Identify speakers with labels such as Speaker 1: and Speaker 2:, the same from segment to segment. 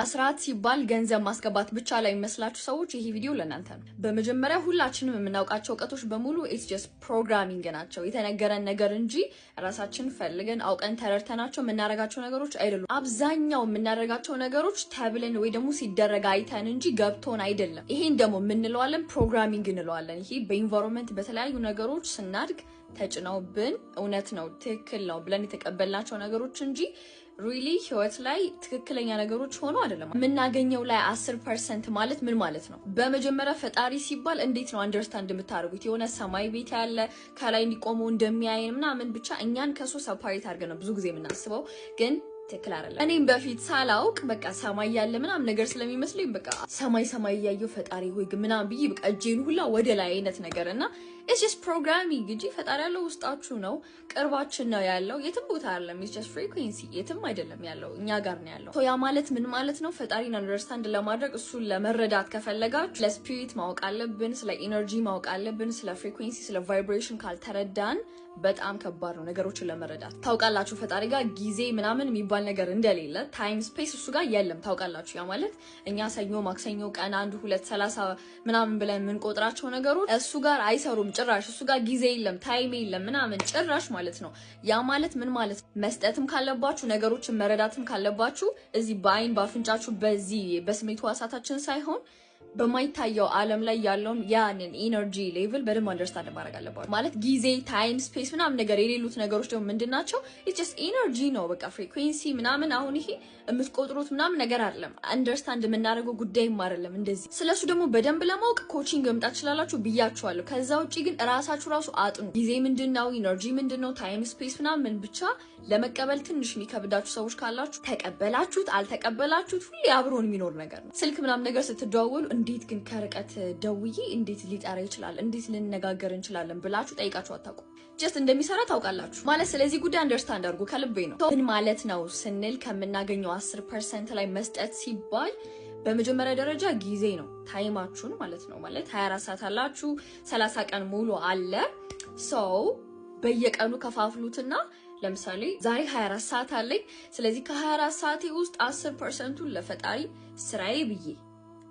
Speaker 1: አስራት ሲባል ገንዘብ ማስገባት ብቻ ላይ የሚመስላችሁ ሰዎች ይሄ ቪዲዮ ለእናንተ ነው። በመጀመሪያ ሁላችንም የምናውቃቸው እውቀቶች በሙሉ ኢትስ ጀስት ፕሮግራሚንግ ናቸው፣ የተነገረን ነገር እንጂ ራሳችን ፈልገን አውቀን ተረድተናቸው የምናደርጋቸው ነገሮች አይደሉም። አብዛኛው የምናደርጋቸው ነገሮች ተብለን ወይ ደግሞ ሲደረግ አይተን እንጂ ገብቶን አይደለም። ይሄን ደግሞ የምንለዋለን ፕሮግራሚንግ እንለዋለን። ይሄ በኢንቫይሮንመንት በተለያዩ ነገሮች ስናድግ ተጭነውብን እውነት ነው ትክክል ነው ብለን የተቀበልናቸው ነገሮች እንጂ ሪሊ ህይወት ላይ ትክክለኛ ነገሮች ሆኖ አይደለም የምናገኘው ላይ አስር ፐርሰንት ማለት ምን ማለት ነው? በመጀመሪያ ፈጣሪ ሲባል እንዴት ነው አንደርስታንድ የምታደርጉት? የሆነ ሰማይ ቤት ያለ ከላይ እንዲቆመው እንደሚያየን ምናምን ብቻ እኛን ከሱ ሰፓሬት አድርገን ነው ብዙ ጊዜ የምናስበው ግን ትክክል አይደለም። እኔም በፊት ሳላውቅ በቃ ሰማይ ያለ ምናምን ነገር ስለሚመስለኝ በቃ ሰማይ ሰማይ እያየው ፈጣሪ ሆይ ግን ምናምን ብዬ በቃ እጄን ሁላ ወደ ላይ አይነት ነገር እና ኢትስ ፕሮግራሚንግ እንጂ ፈጣሪ ያለው ውስጣችሁ ነው፣ ቅርባችን ነው ያለው። የትም ቦታ አይደለም። ኢትስ ፍሪኩንሲ የትም አይደለም ያለው፣ እኛ ጋር ነው ያለው። ያ ማለት ምን ማለት ነው? ፈጣሪን አንደርስታንድ ለማድረግ እሱን ለመረዳት ከፈለጋችሁ ስለ ስፒሪት ማወቅ አለብን፣ ስለ ኢነርጂ ማወቅ አለብን፣ ስለ ፍሪኩንሲ፣ ስለ ቫይብሬሽን ካልተረዳን በጣም ከባድ ነው ነገሮችን ለመረዳት። ታውቃላችሁ ፈጣሪ ጋር ጊዜ ምናምን የሚባ የሚባል ነገር እንደሌለ ታይም ስፔስ እሱ ጋር የለም። ታውቃላችሁ፣ ያ ማለት እኛ ሰኞ፣ ማክሰኞ ቀን አንድ ሁለት ሰላሳ ምናምን ብለን የምንቆጥራቸው ነገሮች እሱ ጋር አይሰሩም። ጭራሽ እሱ ጋር ጊዜ የለም፣ ታይም የለም ምናምን ጭራሽ ማለት ነው። ያ ማለት ምን ማለት መስጠትም ካለባችሁ ነገሮችን መረዳትም ካለባችሁ እዚህ በአይን በአፍንጫችሁ በዚህ በስሜት ህዋሳታችን ሳይሆን በማይታየው ዓለም ላይ ያለውን ያንን ኢነርጂ ሌቭል በደንብ አንደርስታንድ ማድረግ አለባቸው። ማለት ጊዜ፣ ታይም፣ ስፔስ ምናምን ነገር የሌሉት ነገሮች ደግሞ ምንድን ናቸው? ኢትስ ኢነርጂ ነው በቃ ፍሪኩንሲ ምናምን። አሁን ይሄ የምትቆጥሩት ምናምን ነገር አይደለም። አንደርስታንድ የምናደርገው ጉዳይም አይደለም። እንደዚህ ስለሱ ደግሞ በደንብ ለማወቅ ኮቺንግ መምጣት ትችላላችሁ ብያችኋለሁ። ከዛ ውጭ ግን ራሳችሁ ራሱ አጥኑ። ጊዜ ምንድን ነው? ኢነርጂ ምንድን ነው? ታይም፣ ስፔስ ምናምን ብቻ ለመቀበል ትንሽ የሚከብዳችሁ ሰዎች ካላችሁ ተቀበላችሁት አልተቀበላችሁት ሁሌ አብሮን የሚኖር ነገር ነው። ስልክ ምናምን ነገር ስትደዋወሉ እንዴት ግን ከርቀት ደውዬ እንዴት ሊጠራ ይችላል፣ እንዴት ልነጋገር እንችላለን ብላችሁ ጠይቃችሁ አታውቁም። ጀስት እንደሚሰራ ታውቃላችሁ ማለት። ስለዚህ ጉዳይ አንደርስታንድ አድርጉ። ከልቤ ነው። ግን ማለት ነው ስንል ከምናገኘው አስር ፐርሰንት ላይ መስጠት ሲባል በመጀመሪያ ደረጃ ጊዜ ነው፣ ታይማችሁን ማለት ነው። ማለት 24 ሰዓት አላችሁ፣ 30 ቀን ሙሉ አለ። ሰው በየቀኑ ከፋፍሉትና ለምሳሌ ዛሬ 24 ሰዓት አለኝ። ስለዚህ ከ24 ሰዓቴ ውስጥ 10 ፐርሰንቱን ለፈጣሪ ስራዬ ብዬ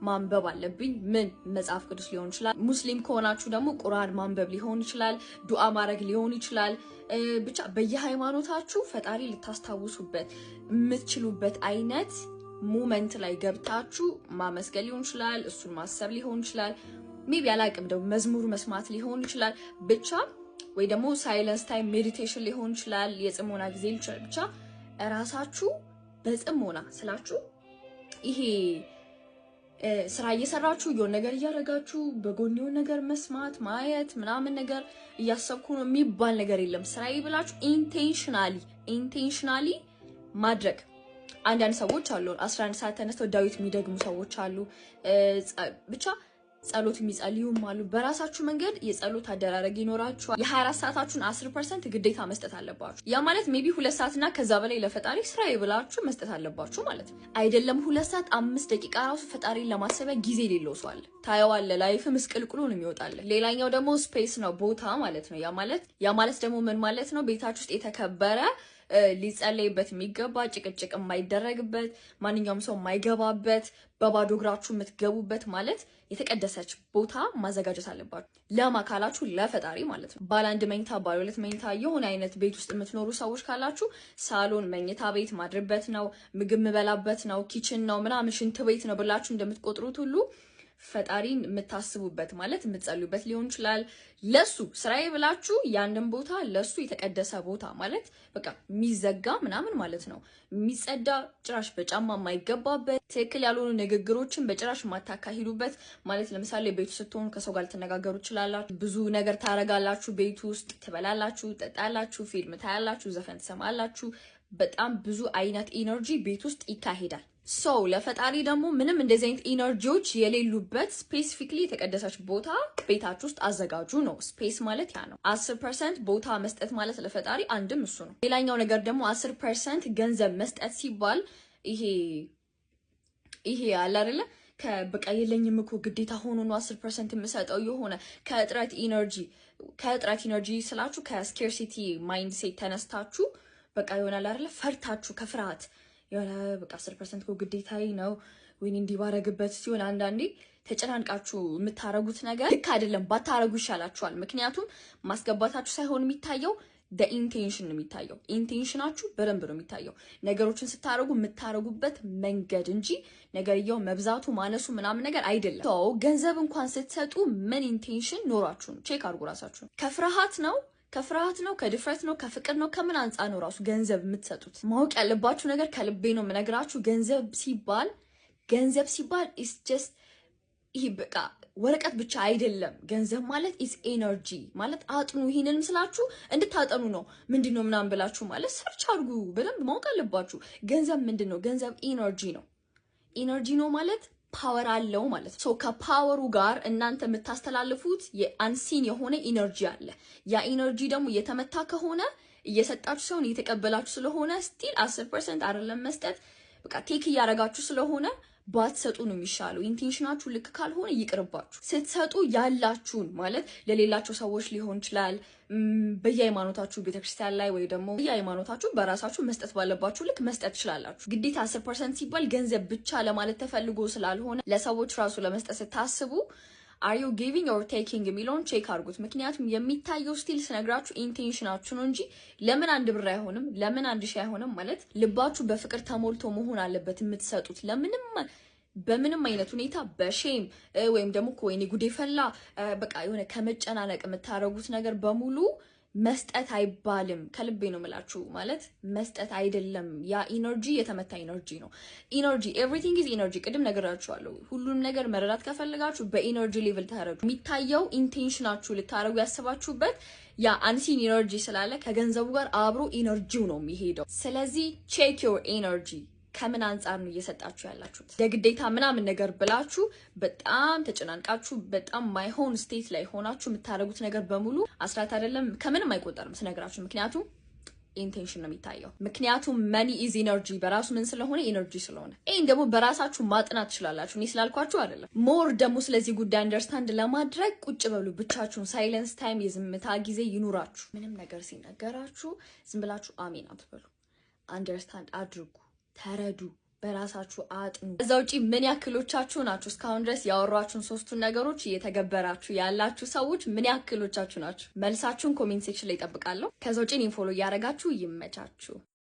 Speaker 1: ማንበብ አለብኝ። ምን መጽሐፍ ቅዱስ ሊሆን ይችላል። ሙስሊም ከሆናችሁ ደግሞ ቁርአን ማንበብ ሊሆን ይችላል። ዱዓ ማድረግ ሊሆን ይችላል። ብቻ በየሃይማኖታችሁ ፈጣሪ ልታስታውሱበት የምትችሉበት አይነት ሞመንት ላይ ገብታችሁ ማመስገን ሊሆን ይችላል። እሱን ማሰብ ሊሆን ይችላል። ሜቢ አላቅም ደግሞ መዝሙር መስማት ሊሆን ይችላል። ብቻ ወይ ደግሞ ሳይለንስ ታይም ሜዲቴሽን ሊሆን ይችላል። የጽሞና ጊዜ ይችላል። ብቻ እራሳችሁ በጽሞና ስላችሁ ይሄ ስራ እየሰራችሁ የሆነ ነገር እያደረጋችሁ በጎን የሆነ ነገር መስማት ማየት ምናምን ነገር እያሰብኩ ነው የሚባል ነገር የለም። ስራዬ ብላችሁ ኢንቴንሽናሊ ኢንቴንሽናሊ ማድረግ አንዳንድ ሰዎች አሉ። አስራ ሰዓት ተነስተው ዳዊት የሚደግሙ ሰዎች አሉ ብቻ ጸሎት የሚጸልዩም አሉ። በራሳችሁ መንገድ የጸሎት አደራረግ ይኖራችኋል። የ24 ሰዓታችሁን 10 ፐርሰንት ግዴታ መስጠት አለባችሁ። ያ ማለት ሜቢ ሁለት ሰዓትና ከዛ በላይ ለፈጣሪ ስራዬ ብላችሁ መስጠት አለባችሁ ማለት ነው። አይደለም ሁለት ሰዓት አምስት ደቂቃ ራሱ ፈጣሪን ለማሰቢያ ጊዜ ሌለው ሰዋል ታየዋለ። ላይፍ ምስቅልቅሉ ነው ሌላኛው ደግሞ ስፔስ ነው ቦታ ማለት ነው። ያ ማለት ያ ማለት ደግሞ ምን ማለት ነው? ቤታችሁ ውስጥ የተከበረ ሊጸለይበት የሚገባ ጭቅጭቅ የማይደረግበት ማንኛውም ሰው የማይገባበት በባዶ እግራችሁ የምትገቡበት ማለት የተቀደሰች ቦታ ማዘጋጀት አለባችሁ። ለም አካላችሁ ለፈጣሪ ማለት ነው። ባለ አንድ መኝታ፣ ባለ ሁለት መኝታ የሆነ አይነት ቤት ውስጥ የምትኖሩ ሰዎች ካላችሁ ሳሎን መኝታ ቤት ማድርበት ነው፣ ምግብ ምበላበት ነው፣ ኪችን ነው፣ ምናምን ሽንት ቤት ነው ብላችሁ እንደምትቆጥሩት ሁሉ ፈጣሪን የምታስቡበት ማለት የምትጸልዩበት ሊሆን ይችላል። ለሱ ስራዬ ብላችሁ ያንን ቦታ ለሱ የተቀደሰ ቦታ ማለት በቃ የሚዘጋ ምናምን ማለት ነው። የሚጸዳ ጭራሽ በጫማ የማይገባበት ትክክል ያልሆኑ ንግግሮችን በጭራሽ የማታካሂዱበት ማለት ለምሳሌ ቤቱ ስትሆኑ ከሰው ጋር ልትነጋገሩ ትችላላችሁ። ብዙ ነገር ታረጋላችሁ። ቤቱ ውስጥ ትበላላችሁ፣ ጠጣላችሁ፣ ፊልም ታያላችሁ፣ ዘፈን ትሰማላችሁ። በጣም ብዙ አይነት ኢነርጂ ቤት ውስጥ ይካሄዳል። ሰው ለፈጣሪ ደግሞ ምንም እንደዚህ አይነት ኢነርጂዎች የሌሉበት ስፔሲፊክሊ የተቀደሰች ቦታ ቤታችሁ ውስጥ አዘጋጁ ነው። ስፔስ ማለት ያ ነው። አስር ፐርሰንት ቦታ መስጠት ማለት ለፈጣሪ አንድም እሱ ነው። ሌላኛው ነገር ደግሞ አስር ፐርሰንት ገንዘብ መስጠት ሲባል ይሄ ይሄ አለ አይደለ በቃ የለኝም እኮ ግዴታ ሆኖ ነው አስር ፐርሰንት የምሰጠው የሆነ ከእጥረት ኢነርጂ ከእጥረት ኢነርጂ ስላችሁ ከስኬርሲቲ ማይንድ ሴት ተነስታችሁ በቃ ይሆናል አይደለ ፈርታችሁ ከፍርሃት የሆነ በቃ አስር ፐርሰንት ግዴታዬ ነው ወይኔ እንዲባረግበት ሲሆን አንዳንዴ ተጨናንቃችሁ የምታረጉት ነገር ልክ አይደለም፣ ባታረጉ ይሻላችኋል። ምክንያቱም ማስገባታችሁ ሳይሆን የሚታየው ኢንቴንሽን ነው የሚታየው። ኢንቴንሽናችሁ በደንብ ነው የሚታየው። ነገሮችን ስታረጉ የምታረጉበት መንገድ እንጂ ነገርየው መብዛቱ ማነሱ ምናምን ነገር አይደለም። ገንዘብ እንኳን ስትሰጡ ምን ኢንቴንሽን ኖሯችሁ ነው? ቼክ አድርጉ ራሳችሁ። ከፍርሃት ነው ከፍርሃት ነው ከድፍረት ነው ከፍቅር ነው ከምን አንጻ ነው ራሱ ገንዘብ የምትሰጡት? ማወቅ ያለባችሁ ነገር ከልቤ ነው የምነግራችሁ። ገንዘብ ሲባል ገንዘብ ሲባል ኢስ ጀስት ይህ በቃ ወረቀት ብቻ አይደለም። ገንዘብ ማለት ኢስ ኤነርጂ ማለት አጥኑ። ይህንን ስላችሁ እንድታጠኑ ነው። ምንድን ነው ምናምን ብላችሁ ማለት ሰርች አድርጉ። በደንብ ማወቅ አለባችሁ። ገንዘብ ምንድን ነው? ገንዘብ ኤነርጂ ነው። ኤነርጂ ነው ማለት ፓወር አለው ማለት ነው። ከፓወሩ ጋር እናንተ የምታስተላልፉት የአንሲን የሆነ ኢነርጂ አለ። ያ ኢነርጂ ደግሞ እየተመታ ከሆነ እየሰጣችሁ ሲሆን እየተቀበላችሁ ስለሆነ ስቲል አስር ፐርሰንት አይደለም መስጠት በቃ ቴክ እያደረጋችሁ ስለሆነ ባትሰጡ ነው የሚሻለው። ኢንቴንሽናችሁ ልክ ካልሆነ ይቅርባችሁ። ስትሰጡ ያላችሁን ማለት ለሌላቸው ሰዎች ሊሆን ይችላል። በየሃይማኖታችሁ ቤተክርስቲያን ላይ ወይ ደግሞ በየሃይማኖታችሁ በራሳችሁ መስጠት ባለባችሁ ልክ መስጠት ትችላላችሁ። ግዴታ አስር ፐርሰንት ሲባል ገንዘብ ብቻ ለማለት ተፈልጎ ስላልሆነ ለሰዎች ራሱ ለመስጠት ስታስቡ አር ዩ ጊቪንግ ኦር ቴኪንግ የሚለውን ቼክ አድርጉት። ምክንያቱም የሚታየው ስቲል ስነግራችሁ ኢንቴንሽናችሁ ነው እንጂ ለምን አንድ ብር አይሆንም፣ ለምን አንድ ሺህ አይሆንም ማለት ልባችሁ በፍቅር ተሞልቶ መሆን አለበት የምትሰጡት ለምንም በምንም አይነት ሁኔታ በሼም ወይም ደግሞ ወይኔ ጉዴ ፈላ በቃ የሆነ ከመጨናነቅ የምታደርጉት ነገር በሙሉ መስጠት አይባልም። ከልቤ ነው የምላችሁ። ማለት መስጠት አይደለም። ያ ኢነርጂ የተመታ ኢነርጂ ነው። ኢነርጂ ኤቭሪቲንግ ኢዝ ኢነርጂ። ቅድም ነገራችኋለሁ። ሁሉም ነገር መረዳት ከፈለጋችሁ በኢነርጂ ሌቭል ታረዱ። የሚታየው ኢንቴንሽናችሁ ልታረጉ ያስባችሁበት ያ አንሲን ኢነርጂ ስላለ ከገንዘቡ ጋር አብሮ ኢነርጂው ነው የሚሄደው። ስለዚህ ቼክ ዮር ኢነርጂ ከምን አንጻር ነው እየሰጣችሁ ያላችሁት? ለግዴታ ምናምን ነገር ብላችሁ በጣም ተጨናንቃችሁ በጣም ማይሆን ስቴት ላይ ሆናችሁ የምታደርጉት ነገር በሙሉ አስራት አይደለም፣ ከምንም አይቆጠርም ስነግራችሁ። ምክንያቱም ኢንቴንሽን ነው የሚታየው። ምክንያቱም መኒ ኢዝ ኢነርጂ በራሱ ምን ስለሆነ ኢነርጂ ስለሆነ፣ ይህን ደግሞ በራሳችሁ ማጥናት ትችላላችሁ። እኔ ስላልኳችሁ አይደለም። ሞር ደግሞ ስለዚህ ጉዳይ አንደርስታንድ ለማድረግ ቁጭ በሉ፣ ብቻችሁን ሳይለንስ ታይም፣ የዝምታ ጊዜ ይኑራችሁ። ምንም ነገር ሲነገራችሁ ዝም ብላችሁ አሜን አትበሉ፣ አንደርስታንድ አድርጉ። ተረዱ፣ በራሳችሁ አጥኑ። እዛ ውጪ ምን ያክሎቻችሁ ናችሁ እስካሁን ድረስ ያወሯችሁን ሶስቱን ነገሮች እየተገበራችሁ ያላችሁ ሰዎች? ምን ያክሎቻችሁ ናችሁ? መልሳችሁን ኮሜንት ሴክሽን ላይ ይጠብቃለሁ። ከዛ ውጪ እኔን ፎሎ እያደረጋችሁ ይመቻችሁ።